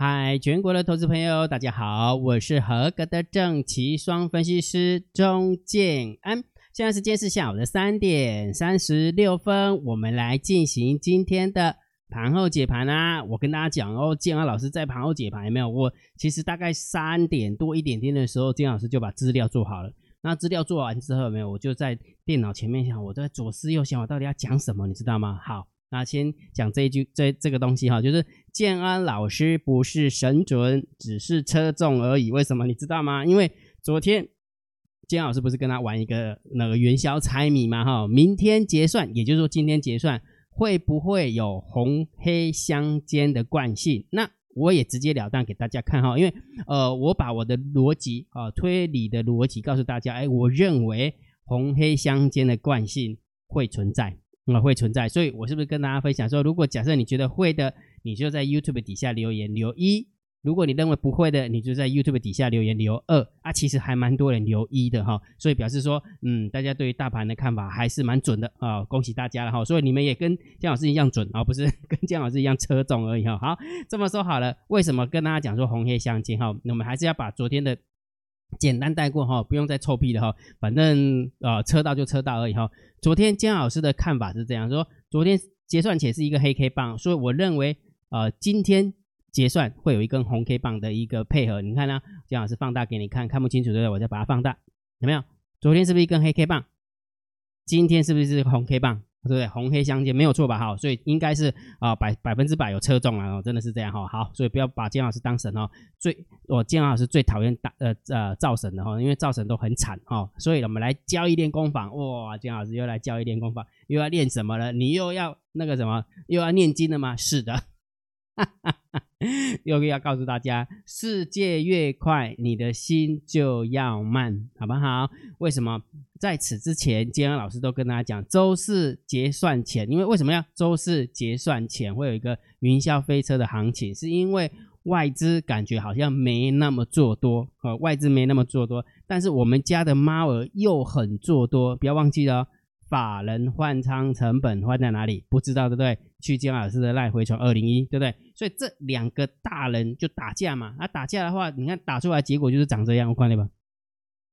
嗨，全國的投資朋友，大家好，我是合格的證期雙分析師鍾建安。現在時間是下午的三點三十六分，我們來進行今天的盤後解盤啦、啊。我跟大家講哦，建安老師在盤後解盤有沒有？我其實大概三點多一點點的時候，建安老師就把資料做好了。那資料做完之後有沒有，我就在電腦前面想，我在左思右想，我到底要講什麼，你知道嗎？好。那先講這一句，這這個東西哈，就是建安老師不是神準，只是車重而已。為什麼你知道嗎？因為昨天建安老師不是跟他玩一個那個元宵猜謎嗎？哈，明天結算，也就是說今天結算會不會有紅黑相間的慣性？那我也直截了當給大家看哈，因為呃，我把我的邏輯啊，推理的邏輯告訴大家，哎，我認為紅黑相間的慣性會存在。啊，會存在，所以我是不是跟大家分享說，如果假設你覺得會的，你就在 YouTube 底下留言留一；如果你認為不會的，你就在 YouTube 底下留言留二。啊，其實還蠻多人留一的哈，所以表示說，嗯，大家對於大盤的看法還是蠻準的啊，恭喜大家了哈。所以你們也跟姜老師一樣準而、啊、不是跟姜老師一樣車重而已哈、啊。好，這麼說好了，為什麼跟大家講說紅黑相間哈？我們還是要把昨天的，簡單帶過哈、哦，不用再臭屁了哈，反正啊，車道就車道而已哈、哦。昨天江老師的看法是這樣說，昨天結算且是一個黑 K 棒，所以我認為啊、呃，今天結算會有一根紅 K 棒的一個配合。你看呢、啊？江老師放大給你看，看不清楚的我再把它放大，有沒有？昨天是不是一根黑 K 棒？今天是不是一個紅 K 棒？對不對？紅黑相間沒有錯吧？哈，所以應該是啊、哦、百百分之百有車中了、啊哦，真的是這樣哈、哦。好，所以不要把金老師當神哦。最我金、哦、老師最討厭打呃呃造神的哈、哦，因為造神都很慘哦。所以我們來交易練功坊。哇、哦，金老師又來交易練功坊，又要練什麼了？你又要那個什麼？又要念經了嗎？是的。哈哈哈、哈。又要告訴大家，世界越快，你的心就要慢，好不好？為什麼？在此之前，建安老師都跟大家講，週四結算前，因為為什麼要週四結算前會有一個雲霄飛車的行情，是因為外資感覺好像沒那麼做多，呃、外資沒那麼做多，但是我們家的貓兒又很做多，不要忘記了、哦。法人換倉成本換在哪裡？不知道對不對？去金老師的賴回傳二零一對不對？所以這兩個大人就打架嘛。他、啊、打架的話，你看打出來結果就是長這樣。我快點吧，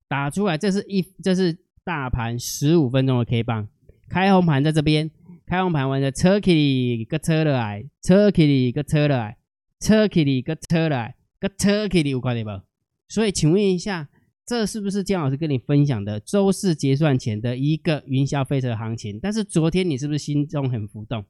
打出來這是一，這是大盤十五分鐘的 K 棒，開紅盤在這邊，開紅盤完了，車起里個車來，車起里個車來，車起里個車來，個車 k 里我快點吧。所以請問一下。這是不是江老師跟你分享的周四結算前的一個雲霄飛車行情？但是昨天你是不是心中很浮動？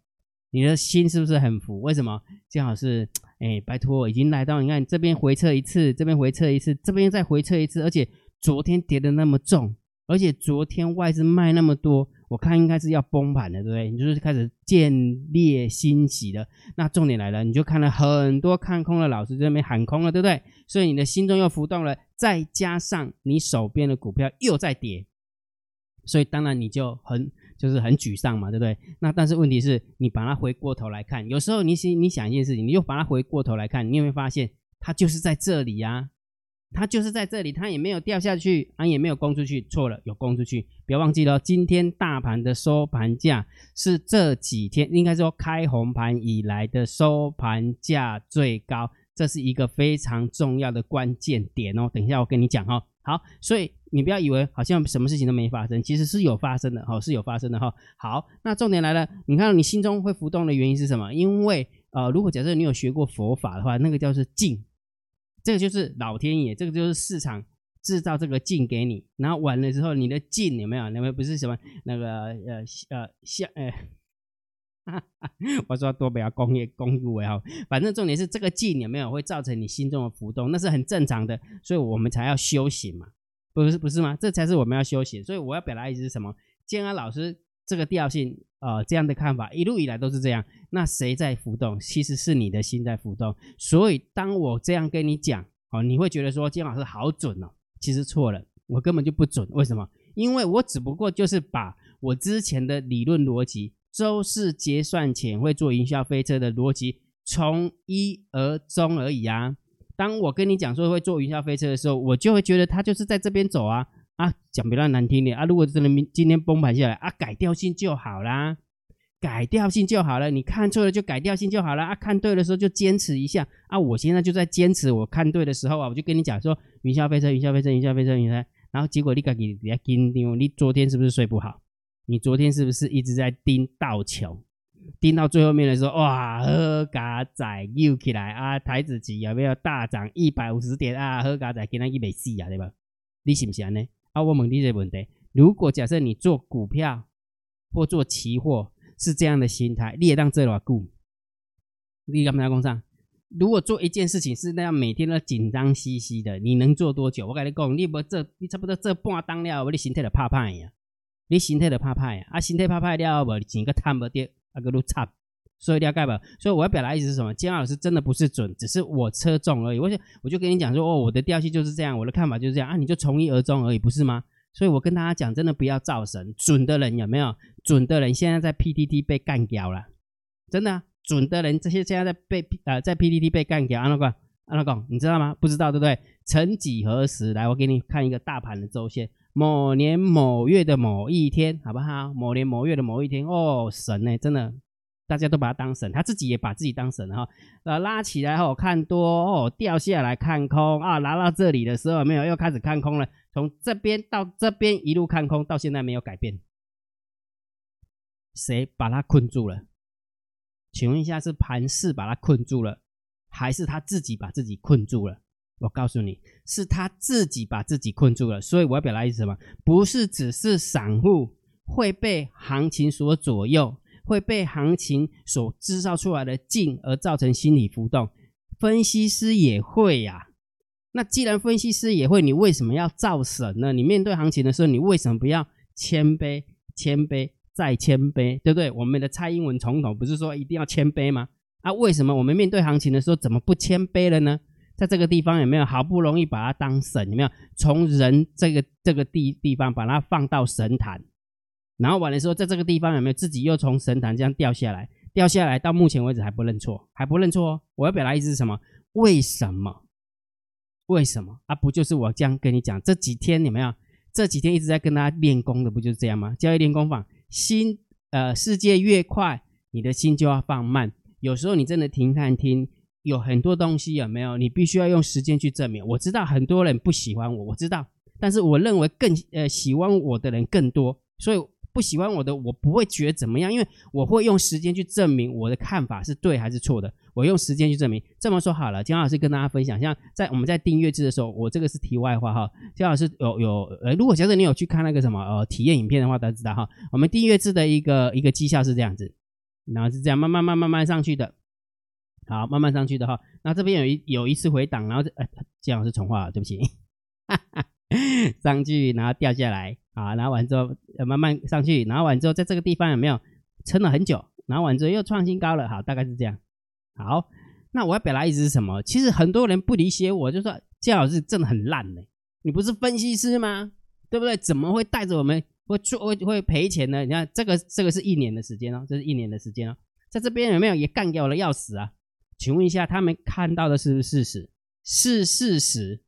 你的心是不是很浮？為什麼？江老師，哎，拜託，已經來到，你看這邊回撤一次，這邊回撤一次，這邊再回撤一次，而且昨天跌的那麼重。而且昨天外資賣那麼多，我看應該是要崩盤的，對不對？你就是開始見獵心喜了。那重點來了，你就看了很多看空的老師在那邊喊空了，對不對？所以你的心中又浮動了，再加上你手邊的股票又在跌，所以當然你就很就是很沮喪嘛，對不對？那但是問題是，你把它回過頭來看，有時候你想你想一件事情，你又把它回過頭來看，你有沒有發現它就是在這裡呀、啊。它就是在這裡，它也沒有掉下去，它也沒有攻出去，錯了，有攻出去，不要忘記了。今天大盤的收盤價是這幾天應該說開紅盤以來的收盤價最高，這是一個非常重要的關鍵點哦。等一下我跟你講哈、哦。好，所以你不要以為好像什麼事情都沒發生，其實是有發生的哈、哦，是有發生的哈、哦。好，那重點來了，你看到你心中會浮動的原因是什麼？因為呃，如果假設你有學過佛法的話，那個叫做靜。這個就是老天爺，這個就是市場製造這個勁給你，然後完了之後，你的勁有沒有？有沒有不是什麼那個呃呃像呃，哈哈，我說多不要工業公具為好，反正重點是這個勁有沒有會造成你心中的浮動，那是很正常的，所以我們才要修行嘛，不是不是嗎？這才是我們要修行，所以我要表達意思是什麼？建安老師，這個調性啊、呃，這樣的看法一路以來都是這樣。那誰在浮動？其實是你的心在浮動。所以當我這樣跟你講，哦，你會覺得說金老師好準哦。其實錯了，我根本就不準。為什麼？因為我只不過就是把我之前的理論邏輯，周四結算前會做雲霄飛車的邏輯從一而終而已啊。當我跟你講說會做雲霄飛車的時候，我就會覺得他就是在這邊走啊。啊，講比較難聽點啊，如果真的明今天崩盤下來啊，改調性就好啦，改調性就好了。你看錯了就改調性就好了啊，看對的時候就堅持一下啊。我現在就在堅持，我看對的時候啊，我就跟你講說，雲霄飛車，雲霄飛車，雲霄飛車，雲霄飛。然後結果你敢給人家盯牛？你昨天是不是睡不好？你昨天是不是一直在盯道瓊？盯到最後面的時候，哇，喝咖仔又起來啊，台指期有沒有大漲一百五十點啊？喝咖仔給他一百四啊，對吧？你是不是安呢？啊！我問你一個問題：如果假設你做股票或做期貨是這樣的心態，你當這老固？你敢不敢講？如果做一件事情是那樣，每天都緊張兮兮的，你能做多久？我跟你講，你不做，你差不多這半當了，我你心態都怕怕啊！你心態都怕怕啊！啊，心態怕怕了後，無、啊、錢都賺不得，啊，擱你差。所以要蓋吧，所以我要表達意思是什麼？金浩老師真的不是準，只是我車重而已。我就我就跟你講說，哦，我的調性就是這樣，我的看法就是這樣啊，你就從一而終而已，不是嗎？所以我跟大家講，真的不要造神，準的人有沒有？準的人現在在 PTT 被幹掉了，真的、啊，準的人這些現在在被呃在 PTT 被幹掉。阿老廣，阿、啊、你知道嗎？不知道對不對？曾幾何時，來我給你看一個大盤的周線，某年某月的某一天，好不好？好某年某月的某一天，哦，神呢、欸，真的。大家都把它當神，他自己也把自己當神了哈、哦呃。拉起來後、哦、看多，哦，掉下來看空啊。拿到這裡的時候沒有，又開始看空了。從這邊到這邊一路看空，到現在沒有改變。誰把它困住了？請問一下，是盤勢把它困住了，還是他自己把自己困住了？我告訴你，是他自己把自己困住了。所以我要表達意思是什麼？不是只是散戶會被行情所左右。會被行情所製造出來的勁而造成心理浮動，分析師也會呀、啊。那既然分析師也會，你為什麼要造神呢？你面對行情的時候，你為什麼不要謙卑、謙卑謙再謙卑，對不對？我們的蔡英文總統不是說一定要謙卑嗎？啊，為什麼我們面對行情的時候，怎麼不謙卑了呢？在這個地方有沒有好不容易把它當神？有沒有從人這個這個地地方把它放到神壇？然後完了之後，在這個地方有沒有自己又從神壇這樣掉下來？掉下來到目前為止還不認錯，還不認錯哦。我要表達意思是什麼？為什麼？為什麼啊？不就是我這樣跟你講？這幾天有沒有？這幾天一直在跟他練功的，不就是這樣嗎？交易練功坊，心，呃，世界越快，你的心就要放慢。有時候你真的停看聽，有很多東西有沒有？你必須要用時間去證明。我知道很多人不喜歡我，我知道，但是我認為更呃喜歡我的人更多，所以。不喜歡我的，我不會覺得怎麼樣，因為我會用時間去證明我的看法是對還是錯的。我用時間去證明。這麼說好了，姜老師跟大家分享，像在我們在訂閱制的時候，我這個是題外話哈。薑老師有有，呃，如果假設你有去看那個什麼呃體驗影片的話，大家知道哈，我們訂閱制的一個一個績效是這樣子，然後是這樣慢慢慢慢慢上去的，好，慢慢上去的哈。那這邊有一有一次回檔，然後這呃，姜老師重畫了，對不起，哈哈，上去然後掉下來。好，拿完之後慢慢上去，拿完之後在這個地方有沒有撐了很久？拿完之後又創新高了，好，大概是這樣。好，那我要表達意思是什麼？其實很多人不理解我，就說樣老師真的很爛呢，你不是分析師嗎？對不對？怎麼會帶着我們會做會，會賠錢呢？你看這個這個是一年的時間哦，這是一年的時間哦，在這邊有沒有也幹掉了要死啊？請問一下，他們看到的是不是事實？是事實。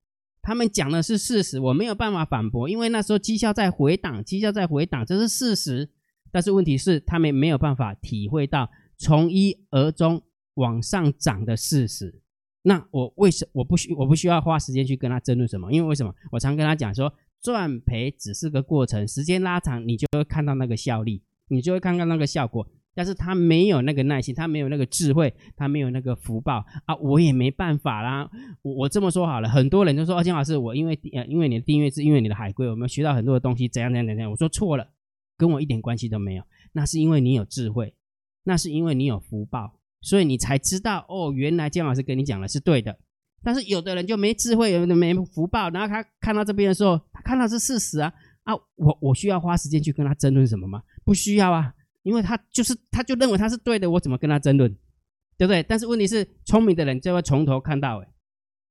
他們講的是事實，我沒有辦法反駁，因為那時候績效在回檔，績效在回檔，這是事實。但是問題是，他們沒有辦法體會到從一而終往上漲的事實。那我為什我不需我不需要花時間去跟他爭論什麼？因為為什麼？我常跟他講說，賺賠只是個過程，時間拉長，你就會看到那個效力，你就會看到那個效果。但是他沒有那個耐心，他沒有那個智慧，他沒有那個福報啊！我也沒辦法啦。我我這麼說好了，很多人都說：“哦，鍾老師，我因為呃，因為你的訂閱，是因為你的海歸，我們學到很多的東西，怎樣怎樣怎樣。怎樣”我說錯了，跟我一點關係都沒有。那是因為你有智慧，那是因為你有福報，所以你才知道哦，原來鍾老師跟你講的是對的。但是有的人就沒智慧，有的人沒福報，然後他看到這邊的時候，他看到這是事實啊啊！我我需要花時間去跟他爭論什麼嗎？不需要啊。因為他就是，他就認為他是對的，我怎麼跟他爭論，對不對？但是問題是，聰明的人就會從頭看到尾。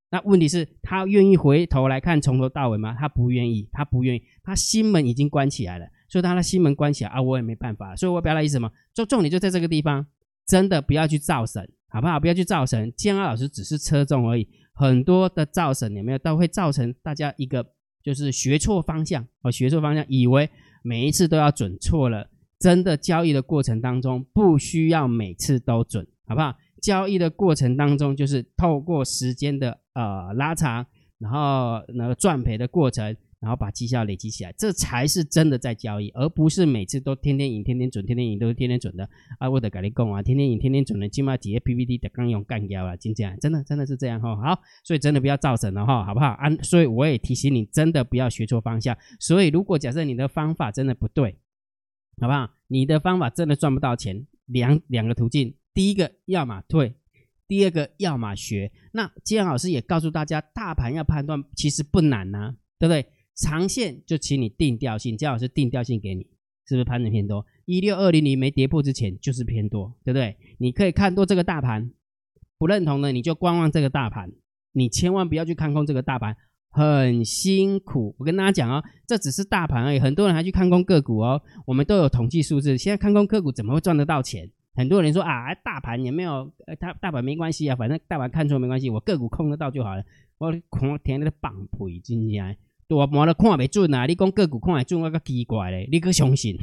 那問題是，他願意回頭來看從頭到尾嗎？他不願意，他不願意，他心門已經關起來了。所以他的心門關起來啊，我也沒辦法。所以我表達意思什麼？就重點就在這個地方，真的不要去造神，好不好？不要去造神。建安老師只是車重而已，很多的造神有沒有都會造成大家一個就是學錯方向，哦，學錯方向，以為每一次都要準錯了。真的交易的過程當中，不需要每次都準，好不好？交易的過程當中，就是透過時間的呃拉長，然後那個賺賠的過程，然後把績效累積起來，這才是真的在交易，而不是每次都天天贏、天天準、天天贏都是天天準的啊！我得跟你講啊，天天贏、天天準的，起碼幾個 PPT 的剛用幹掉了，就這樣，真的真的是這樣哈。好，所以真的不要造神了哈，好不好？安，所以我也提醒你，真的不要學錯方向。所以如果假設你的方法真的不對，好不好？你的方法真的賺不到錢。兩兩個途徑，第一個要麼退，第二個要麼學。那建老師也告訴大家，大盤要判斷其實不難吶、啊，對不對？長線就請你定調性，建老師定調性給你，是不是盤整偏多？一六二零你沒跌破之前就是偏多，對不對？你可以看多這個大盤，不認同的你就觀望這個大盤，你千萬不要去看空這個大盤。很辛苦，我跟大家講哦，這只是大盤而已。很多人還去看空個股哦，我們都有統計數字。現在看空個股怎麼會賺得到錢？很多人說啊，大盤有沒有？他大盤沒關係啊，反正大盤看錯沒關係，我個股控得到就好了。我控填的個棒腿進去，我麼的看不準啊！你講個股看會準，我夠奇怪嘞！你去相信，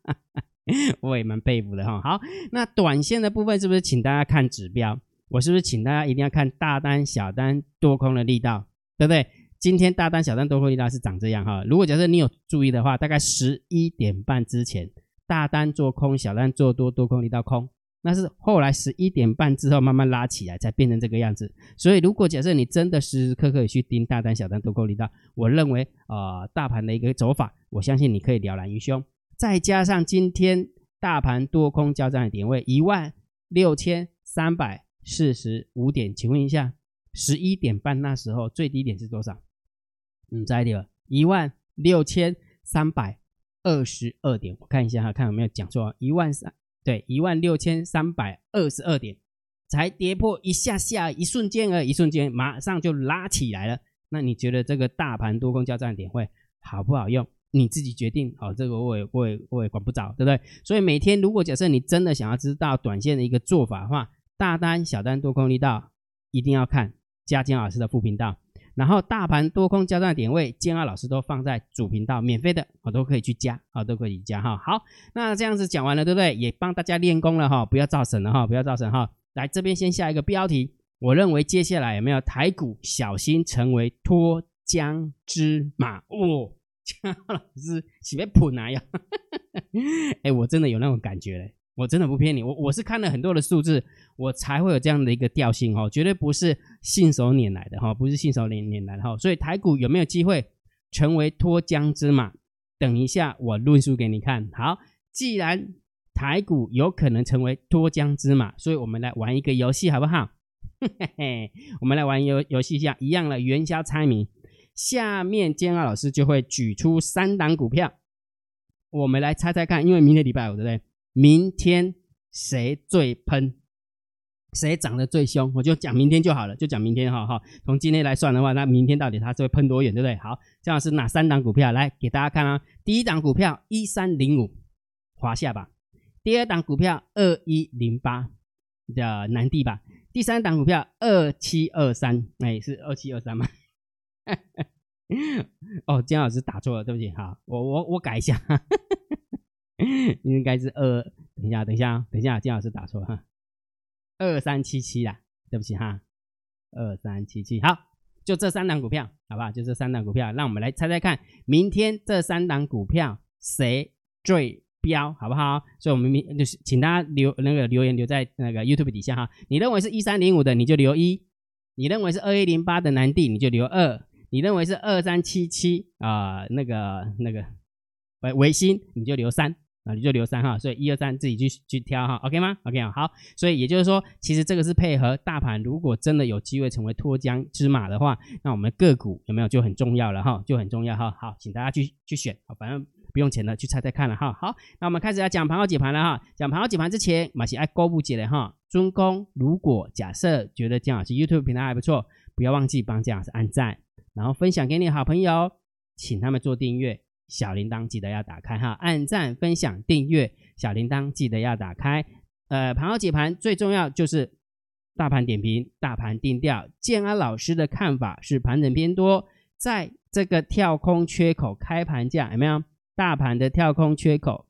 我也蠻佩服的哈。好，那短線的部分是不是請大家看指標？我是不是請大家一定要看大單、小單、多空的力道？對不對？今天大單、小單多空力道是長這樣哈。如果假設你有注意的話，大概十一點半之前，大單做空，小單做多，多空力道空，那是後來十一點半之後慢慢拉起來才變成這個樣子。所以，如果假設你真的時時刻刻去盯大單、小單多空力道，我認為啊、呃，大盤的一個走法，我相信你可以了然於胸。再加上今天大盤多空交戰的點位一萬六千三百四十五點，請問一下。十一點半那時候最低點是多少？嗯，再一萬六千三百二十二點。我看一下哈，看有沒有講錯、啊。一萬三對，一萬六千三百二十二點才跌破一下下，一瞬間啊，一瞬間馬上就拉起來了。那你覺得這個大盤多空交戰點會好不好用？你自己決定。好、哦，這個我也我也我也管不着，對不對？所以每天如果假設你真的想要知道短線的一個做法的話，大單小單多空力道一定要看。加建安老師的副頻道，然後大盤多空交戰點位，建安老師都放在主頻道，免費的，我、哦、都可以去加啊、哦，都可以去加哈、哦。好，那這樣子講完了，對不對？也幫大家練功了哈，不要造神了哈，不要造神哈。來這邊先下一個標題，我認為接下來有沒有台股小心成為脫韁之馬哦？建安老師喜被捧哪樣？哎、 欸，我真的有那種感覺嘞。我真的不騙你，我我是看了很多的數字，我才會有這樣的一個調性哦，絕對不是信手拈來的哈、哦，不是信手拈拈來的哈、哦。所以台股有沒有機會成為脫韁之馬？等一下我論述給你看。好，既然台股有可能成為脫韁之馬，所以我們來玩一個遊戲好不好？ 我們來玩遊遊戲一下，一樣的元宵猜謎。下面建安老師就會舉出三檔股票，我們來猜猜看，因為明天禮拜五，對不對？明天誰最噴，誰漲得最凶，我就講明天就好了，就講明天，哈哈。從今天來算的話，那明天到底它是會噴多遠，對不對？好，鍾老師哪三檔股票來給大家看啊？第一檔股票一三零五，華夏吧；第二檔股票二一零八，叫南地吧；第三檔股票二七二三，哎，是二七二三嗎？ 哦，鍾老師打錯了，對不起，哈，我我我改一下。 應該是二 2...，等一下，等一下，等一下，金老師打錯哈，二三七七啦，對不起哈，二三七七，好，就這三檔股票，好不好？就這三檔股票，讓我們來猜猜看，明天這三檔股票誰最飆，好不好？所以，我們明就是請大家留那個留言留在那個 YouTube 底下哈，你認為是一三零五的，你就留一；你認為是二一零八的南帝，你就留二；你認為是二三七七啊，那個那個微微星，你就留三。你就留三哈，所以一二三自己去去挑哈，OK 嗎？OK 好，所以也就是說，其實這個是配合大盤，如果真的有機會成為脫韁之馬的話，那我們的個股有沒有就很重要了哈，就很重要哈。好，請大家去去選，反正不用錢的，去猜猜看了哈。好，那我們開始要講盤後解盤了哈。講盤後解盤之前，馬西愛購不節了哈。尊工如果假設覺得江老師 YouTube 平台還不錯，不要忘記幫江老師按讚，然後分享給你好朋友，請他們做訂閱。小鈴鐺記得要打開哈，按贊、分享、訂閱。小鈴鐺記得要打開。呃，盤後解盤最重要就是大盤點評、大盤定調。建安老師的看法是盤整偏多，在這個跳空缺口開盤價有沒有？大盤的跳空缺口，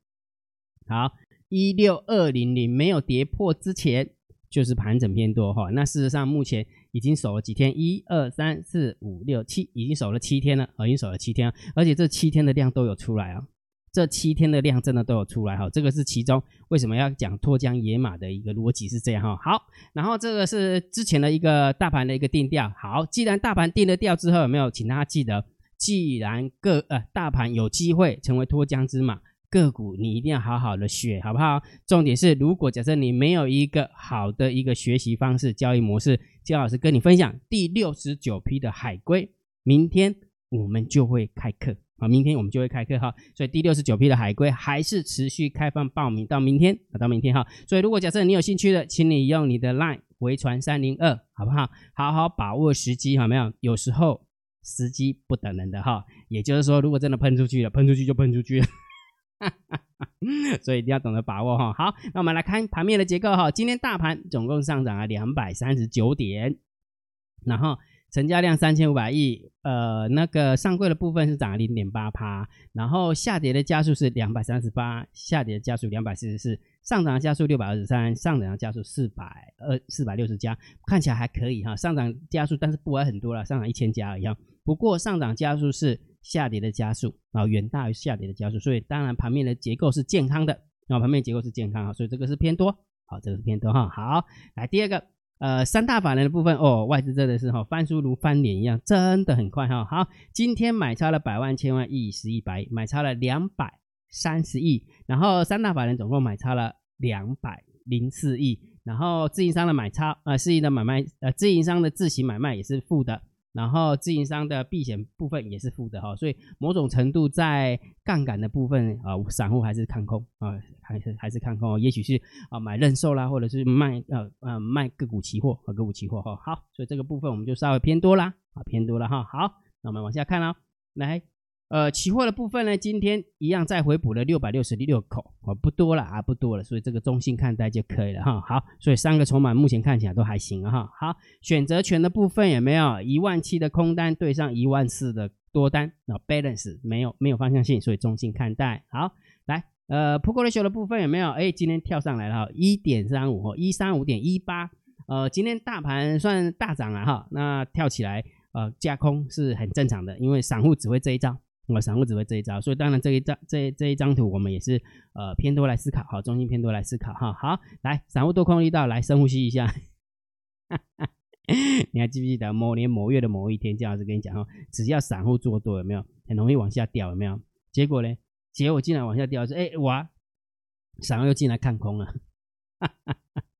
好，一六二零零沒有跌破之前就是盤整偏多哈。那事實上目前。已經守了幾天，一二三四五六七，已經守了七天了，哦、已經守了七天了，而且這七天的量都有出來啊、哦，這七天的量真的都有出來哈、哦，這個是其中為什麼要講脫韁野馬的一個邏輯是這樣哈、哦。好，然後這個是之前的一個大盤的一個定調，好，既然大盤定了調之後，有沒有，請大家記得，既然個呃大盤有機會成為脫韁之馬，個股你一定要好好的學，好不好？重點是，如果假設你沒有一個好的一個學習方式、交易模式。姜老師跟你分享第六十九批的海龜，明天我們就會開課啊！明天我們就會開課哈！所以第六十九批的海龜還是持續開放報名到明天啊，到明天哈！所以如果假設你有興趣的，請你用你的 LINE 回傳三零二，好不好？好好把握時機，好沒有？有時候時機不等人的哈！也就是說，如果真的噴出去了，噴出去就噴出去了。哈哈 所以一定要懂得把握哈。好，那我們來看盤面的結構哈。今天大盤總共上漲了兩百三十九點，然後成交量三千五百億。呃，那個上櫃的部分是漲了零點八趴，然後下跌的家數是兩百三十八，下跌的家數兩百四十四，上漲的家數六百二十三，上漲的家數四百二四百六十家，看起來還可以哈。上漲家數，但是不很多了，上漲一千家而已。不過上漲家數是。下跌的加速啊、哦，遠大於下跌的加速，所以當然盤面的結構是健康的啊，盤、哦、面結構是健康啊，所以這個是偏多好、哦，這個是偏多哈。好，來第二個，呃，三大法人的部分哦，外資真的是哈、哦、翻書如翻臉一樣，真的很快哈、哦。好，今天買超了百萬、千萬、億、十億、百億，買超了兩百三十億，然後三大法人總共買超了兩百零四億，然後自營商的買超啊，自、呃、營的買賣呃，自營商的自行買賣也是負的。然後，自營商的避險部分也是負的哈、哦，所以某種程度在槓桿的部分啊，散戶還是看空啊，還是還是看空、啊、也許是啊買認售啦，或者是賣呃呃賣個股期貨、啊、個股期貨哈、哦。好，所以這個部分我們就稍微偏多啦啊，偏多了哈。好，那我們往下看啦。來。呃，期貨的部分呢，今天一樣再回補了六百六十六口，哦，不多了啊，不多了，所以這個中性看待就可以了哈。好，所以三個籌碼目前看起來都還行哈。好，選擇權的部分有沒有一萬七的空單對上一萬四的多單？那、哦、balance 沒有，沒有方向性，所以中性看待。好，來，呃，Put Call ratio 的部分有沒有？哎，今天跳上來了，一點三五，一三五點一八。呃，今天大盤算大漲了哈，那跳起來，呃，加空是很正常的，因為散戶只會這一招。我散戶只會這一招，所以當然這一張這這，這一張圖，我們也是呃偏多來思考，好，中心偏多來思考哈。好，好，來散戶多空力道，來深呼吸一下。 你還記不記得某年某月的某一天，這樣子跟你講哦，只要散戶做多，有沒有很容易往下掉，有沒有？結果呢？結果我竟然往下掉，說哎，我散戶又進來看空了。哈哈。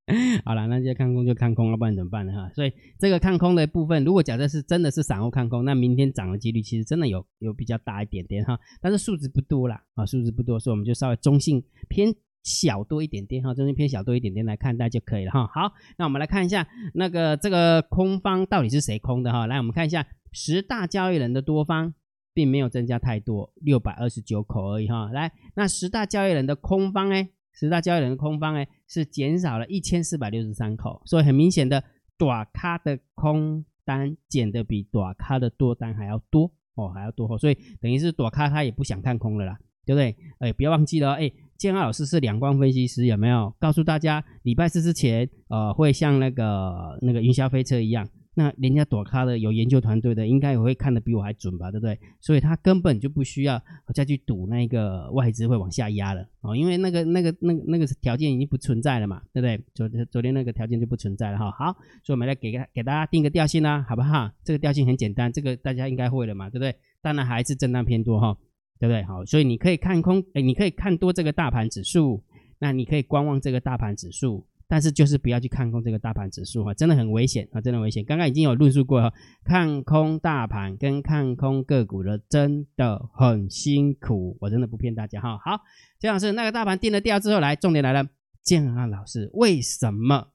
好了，那這些看空就看空了，要不然怎麼辦呢？哈，所以這個看空的部分，如果假設是真的是散戶看空，那明天漲的幾率其實真的有有比較大一點點哈，但是數字不多了啊，數字不多，所以我們就稍微中性偏小多一點點哈，中性偏小多一點點來看待就可以了哈。好，那我們來看一下那個這個空方到底是誰空的哈？來，我們看一下十大交易人的多方並沒有增加太多，六百二十九口而已哈。來，那十大交易人的空方呢？十大交易人的空方哎，是減少了一千四百六十三口，所以很明顯的，多咖的空單減的比多咖的多單還要多哦，還要多，所以等於是多咖他也不想看空了啦，對不對？哎，不要忘記了，哎，建安老、老師是兩光分析師，有沒有告訴大家，禮拜四之前，呃，會像那個那個雲霄飛車一樣？那人家躲咖的有研究團隊的，應該也會看得比我還準吧，對不對？所以他根本就不需要再去賭那個外資會往下壓了哦，因為那個、那個、那、那個條件已經不存在了嘛，對不對？昨天昨天那個條件就不存在了哈、哦。好，所以我們來給給大家定個調性啦、啊，好不好？這個調性很簡單，這個大家應該會了嘛，對不對？當然還是震盪偏多哈、哦，對不對？好，所以你可以看空，誒，你可以看多這個大盤指數，那你可以觀望這個大盤指數。但是就是不要去看空這個大盤指數哈、啊，真的很危險啊，真的危險。剛剛已經有論述過了，看空大盤跟看空個股的真的很辛苦，我真的不騙大家哈。好，姜老師，那個大盤定了調之後，來，重點來了，建安老師為什麼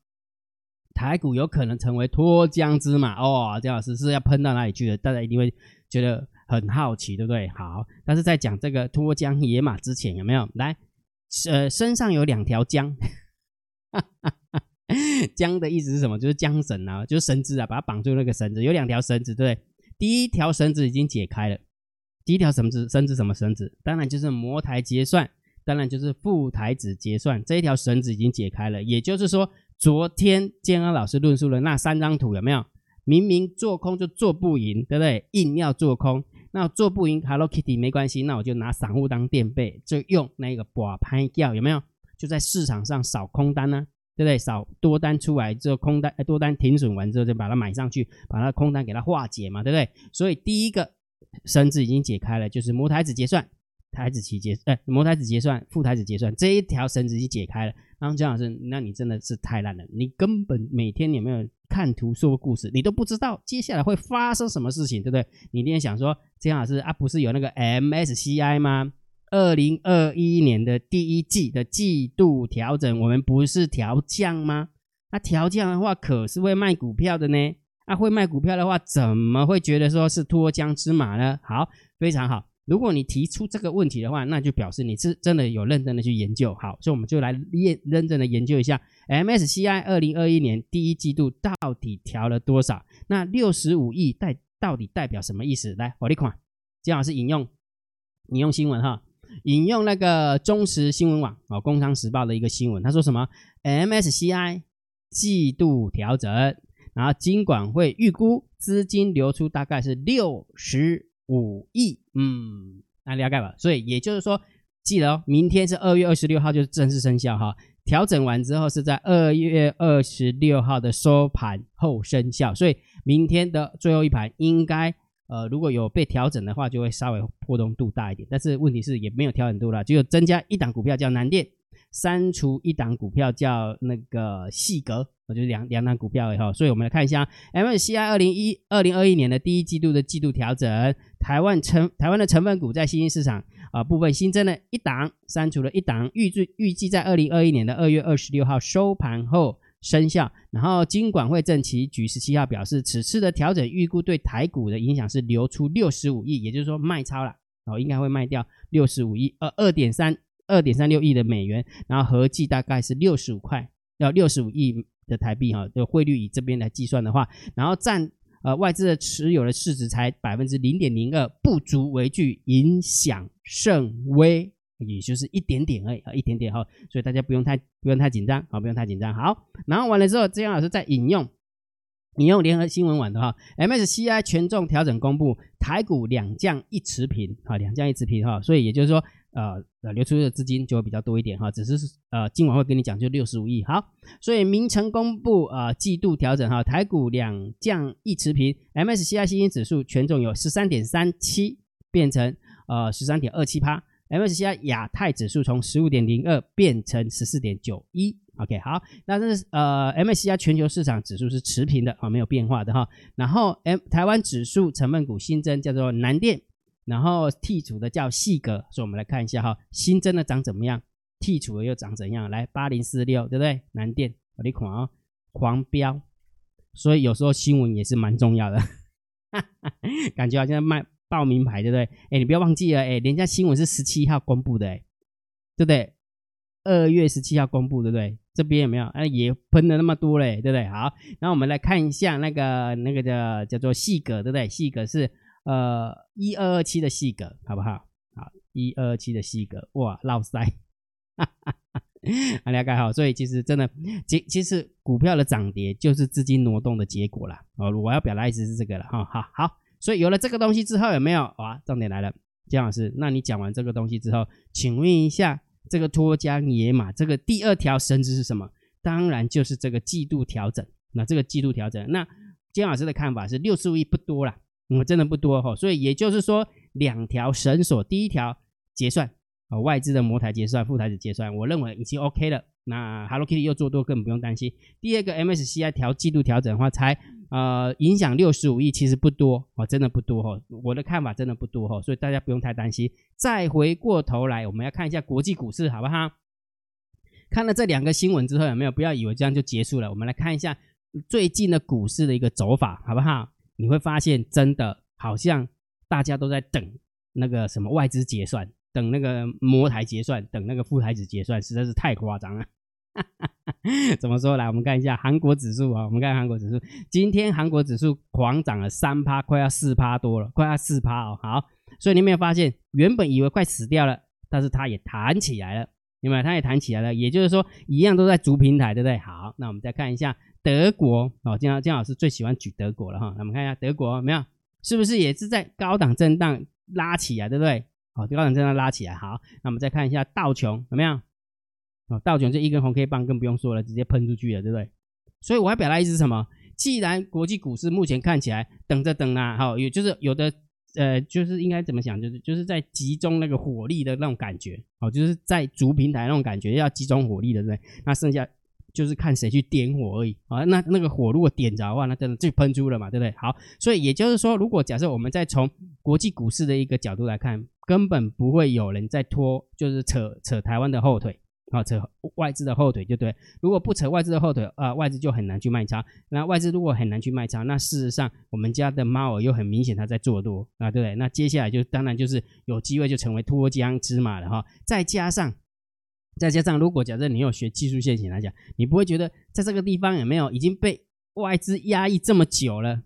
台股有可能成為脫韁之馬？哦，姜老師是要噴到哪裡去的？大家一定會覺得很好奇，對不對？好，但是在講這個脫韁野馬之前，有沒有來？呃，身上有兩條韁。哈，韁的意思是什麼？就是韁繩啊，就是繩子啊，把它綁住那個繩子。有兩條繩子，對不對？第一條繩子已經解開了，第一條繩子，繩子什麼繩子？當然就是摩台結算，當然就是副台子結算。這一條繩子已經解開了，也就是說，昨天建安老師論述了那三張圖，有沒有？明明做空就做不贏，對不對？硬要做空，那我做不贏。Hello Kitty，沒關係，那我就拿散戶當墊背，就用那個擺拍掉，有沒有？就在市場上掃空單呢、啊，對不對？掃多單出來之後，空單多單停損完之後，就把它買上去，把它空單給它化解嘛，對不對？所以第一個繩子已經解開了，就是摩台指結算，台指期結哎摩、呃、台指結算，富台指結算這一條繩子已經解開了。然後姜老師，那你真的是太爛了，你根本每天你有沒有看圖說故事，你都不知道接下來會發生什麼事情，對不對？你今天想說姜老師啊，不是有那個 MSCI 嗎？二零二一年的第一季的季度調整，我們不是調降嗎？那調降的話，可是會賣股票的呢。那、啊、會賣股票的話，怎麼會覺得說是脫韁之馬呢？好，非常好。如果你提出這個問題的話，那就表示你是真的有認真的去研究。好，所以我們就來認真的研究一下 MSCI 二零二一年第一季度到底調了多少？那六十五億代，到底代表什麼意思？來，我你看，今天老師引用引用新聞哈。引用那個中時新聞網哦，《工商時報》的一個新聞，他說什麼？MSCI 季度調整，然後金管會預估資金流出大概是六十五億，嗯，那了解吧？所以也就是說，記得哦，明天是二月二十六號，就是正式生效哈。調整完之後是在二月二十六號的收盤後生效，所以明天的最後一盤應該。呃，如果有被調整的話，就會稍微波動度大一點。但是問題是也沒有調整度啦，只有增加一檔股票叫南電，刪除一檔股票叫那個細格，我覺得兩兩檔股票以後，所以我們來看一下 MSCI 二零一二零二一年的第一季度的季度調整，台灣成台灣的成分股在新興市場啊部分新增了一檔，刪除了一檔，預計預計在二零二一年的二月二十六號收盤後。生效，然後金管會證期局十七號表示，此次的調整預估對台股的影響是流出六十五億，也就是說賣超了哦，應該會賣掉六十五億呃二點三二點三六億的美元，然後合計大概是六十五塊，要六十五億的台幣哈、哦，就匯率以這邊來計算的話，然後占呃外資的持有的市值才百分之零點零二，不足為懼，影響甚微。也就是一點點而已啊，一點點哈，所以大家不用太不用太緊張啊，不用太緊張。好，然後完了之後，這樣老師再引用引用聯合新聞網的哈，MSCI 權重調整公布，台股兩降一持平哈，兩降一持平哈，所以也就是說，呃呃，流出的資金就會比較多一點哈，只是呃今晚會跟你講就六十五億。好，所以明晟公布啊、呃、季度調整哈，台股兩降一持平，MSCI 新興指數權重有十三點三七變成呃十三點二七趴。MSCI 亞太指數從十五點零二變成十四點九一，OK，好，那這是呃 MSCI 全球市場指數是持平的，哦，沒有變化的哈、哦。然後 M 台灣指數成分股新增叫做南電，然後剔除的叫細格，所以我們來看一下哈、哦，新增的漲怎麼樣，剔除的又漲怎樣？來八零四六，8046, 對不對？南電，我你看哦，狂飆，所以有時候新聞也是蠻重要的，哈哈，感覺好像賣。報名牌，對不對？哎，你不要忘記了，哎，人家新聞是十七號公布的，哎，對不對？二月十七號公布，對不對？這邊有沒有？哎、啊，也噴了那麼多嘞，對不對？好，然後我們來看一下那個那個叫叫做細格，對不對？細格是呃一二二七的細格，好不好？好，一二二七的細格，哇，老塞，哈哈哈！大家看好，所以其實真的，其其實股票的漲跌就是資金挪動的結果啦。哦，我要表達意思是這個了，哈，好，好。所以有了這個東西之後，有沒有啊？重點來了，姜老師，那你講完這個東西之後，請問一下，這個脫韁野馬這個第二條繩子是什麼？當然就是這個季度調整。那這個季度調整，那姜老師的看法是六十五億不多啦，嗯，我真的不多哈，哦。所以也就是說，兩條繩索，第一條結算。啊，外資的摩台結算、副台子結算，我認為已經 OK 了。那 Hello Kitty 又做多，根本不用擔心。第二個 MSCI 調季度調整的話，才呃影響六十五億，其實不多哦，真的不多哈。我的看法真的不多哈，所以大家不用太擔心。再回過頭來，我們要看一下國際股市，好不好？看了這兩個新聞之後，有沒有不要以為這樣就結束了？我們來看一下最近的股市的一個走法，好不好？你會發現，真的好像大家都在等那個什麼外資結算。等那個摩台結算，等那個富台指結算實在是太誇張了。哈哈哈，怎麼說？來，我們看一下韓國指數啊，我們看一下韓國指數，今天韓國指數狂漲了三趴，快要四趴多了，快要四趴哦。好，所以你沒有發現，原本以為快死掉了，但是它也彈起來了，明白？它也彈起來了，也就是說，一樣都在築平台，對不對？好，那我們再看一下德國，好，哦，建安老師最喜歡舉德國了哈，那，哦、我們看一下德國，沒有？是不是也是在高檔震盪拉起來，對不對？好，最高人在那拉起來。好，那我們再看一下道瓊怎麼樣？啊、哦，道瓊就一根紅 K 棒，更不用說了，直接噴出去了，對不對？所以我要表達意思是什麼？既然國際股市目前看起來等着等啊，好、哦，也就是有的呃，就是應該怎麼想，就是就是在集中那個火力的那種感覺，哦，就是在主平台那種感覺，要集中火力的，對不對？那剩下就是看誰去點火而已。啊、哦，那那個火如果點着的話，那真的就噴出了嘛，對不對？好，所以也就是說，如果假設我們再從國際股市的一個角度來看。根本不會有人在拖，就是扯扯台灣的後腿，好、啊、扯外資的後腿，對不對？如果不扯外資的後腿，啊，外資就很難去賣差。那外資如果很難去賣差，那事實上我們家的貓又很明顯它在做多，啊，對不對？那接下來就當然就是有機會就成為脫韁之馬了哈、啊。再加上再加上，如果假設你有學技術線型來講，你不會覺得在這個地方有沒有已經被外資壓抑這麼久了，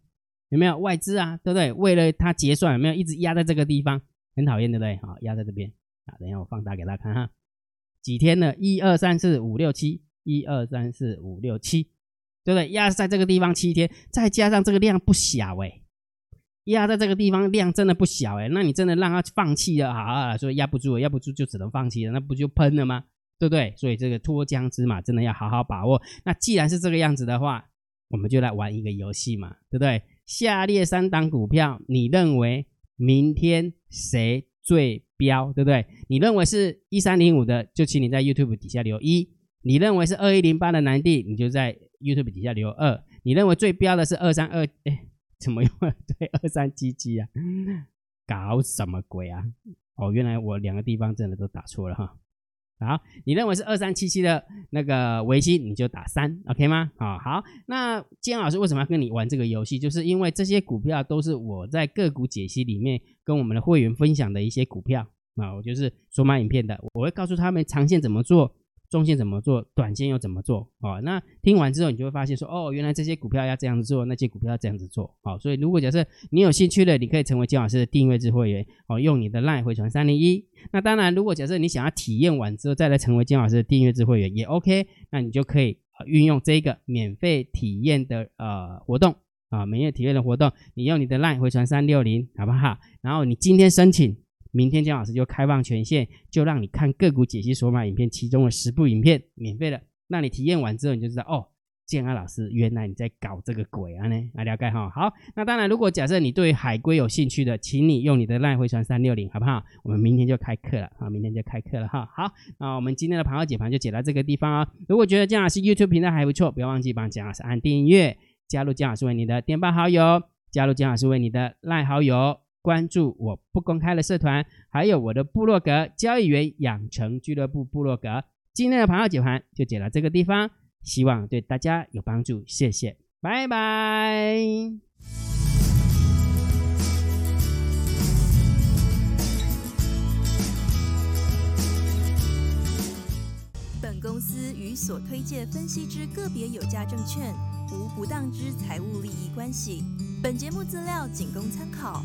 有沒有外資啊？對不對？為了它結算有沒有一直壓在這個地方。很討厭，對不對？好，壓在這邊啊！等一下我放大給大家看哈。幾天呢？一二三四五六七，一二三四五六七，對不對？壓在這個地方七天，再加上這個量不小誒、欸。壓在這個地方量真的不小誒、欸，那你真的讓他放棄了好啊，所以壓不住壓不住就只能放棄了，那不就噴了嗎？對不對？所以這個脫韁之馬真的要好好把握。那既然是這個樣子的話，我們就來玩一個遊戲嘛，對不對？下列三檔股票，你認為？明天誰最飆，對不對？你認為是一三零五的，就請你在 YouTube 底下留一；你認為是二一零八的，南帝，你就在 YouTube 底下留二；你認為最飆的是二三二，哎，怎麼又對二三七七啊？搞什麼鬼啊？哦，原來我兩個地方真的都打錯了哈。好，你認為是二三七七的那個微星，你就打三，OK 嗎？啊，好，那鍾老師為什麼要跟你玩這個遊戲？就是因為這些股票都是我在個股解析裡面跟我們的會員分享的一些股票啊，我就是說馬影片的，我會告訴他們長線怎麼做。中線怎麼做，短線又怎麼做？哦，那聽完之後，你就會發現說，哦，原來這些股票要這樣子做，那些股票要這樣子做，哦，所以，如果假設你有興趣的，你可以成為金老師的訂閱制會員，哦，用你的 LINE 回傳三零一。那當然，如果假設你想要體驗完之後再來成為金老師的訂閱制會員也 OK，那你就可以運用這個免費體驗的呃活動，啊，免費體驗的活動，你用你的 LINE 回傳三六零，好不好？然後你今天申請。明天姜老師就開放權限，就讓你看個股解析所買影片，其中的十部影片免費的。那你體驗完之後，你就知道哦，建安老師原來你在搞這個鬼啊呢、啊？來了解哈。好，那當然，如果假設你對海龜有興趣的，請你用你的賴回傳三六零，好不好？我們明天就開課了啊！明天就開課了哈。好，那我們今天的盤後解盤就解到這個地方啊、哦。如果覺得姜老師 YouTube 頻道還不錯，不要忘記幫姜老師按訂閱，加入姜老師為你的電報好友，加入姜老師為你的賴好友。關注我不公開的社團，還有我的部落格“交易員養成俱樂部”部落格。今天的盤後解盤就解到這個地方，希望對大家有幫助，謝謝，拜拜。本公司與所推薦分析之個別有價證券無不當之財務利益關係，本節目資料僅供參考。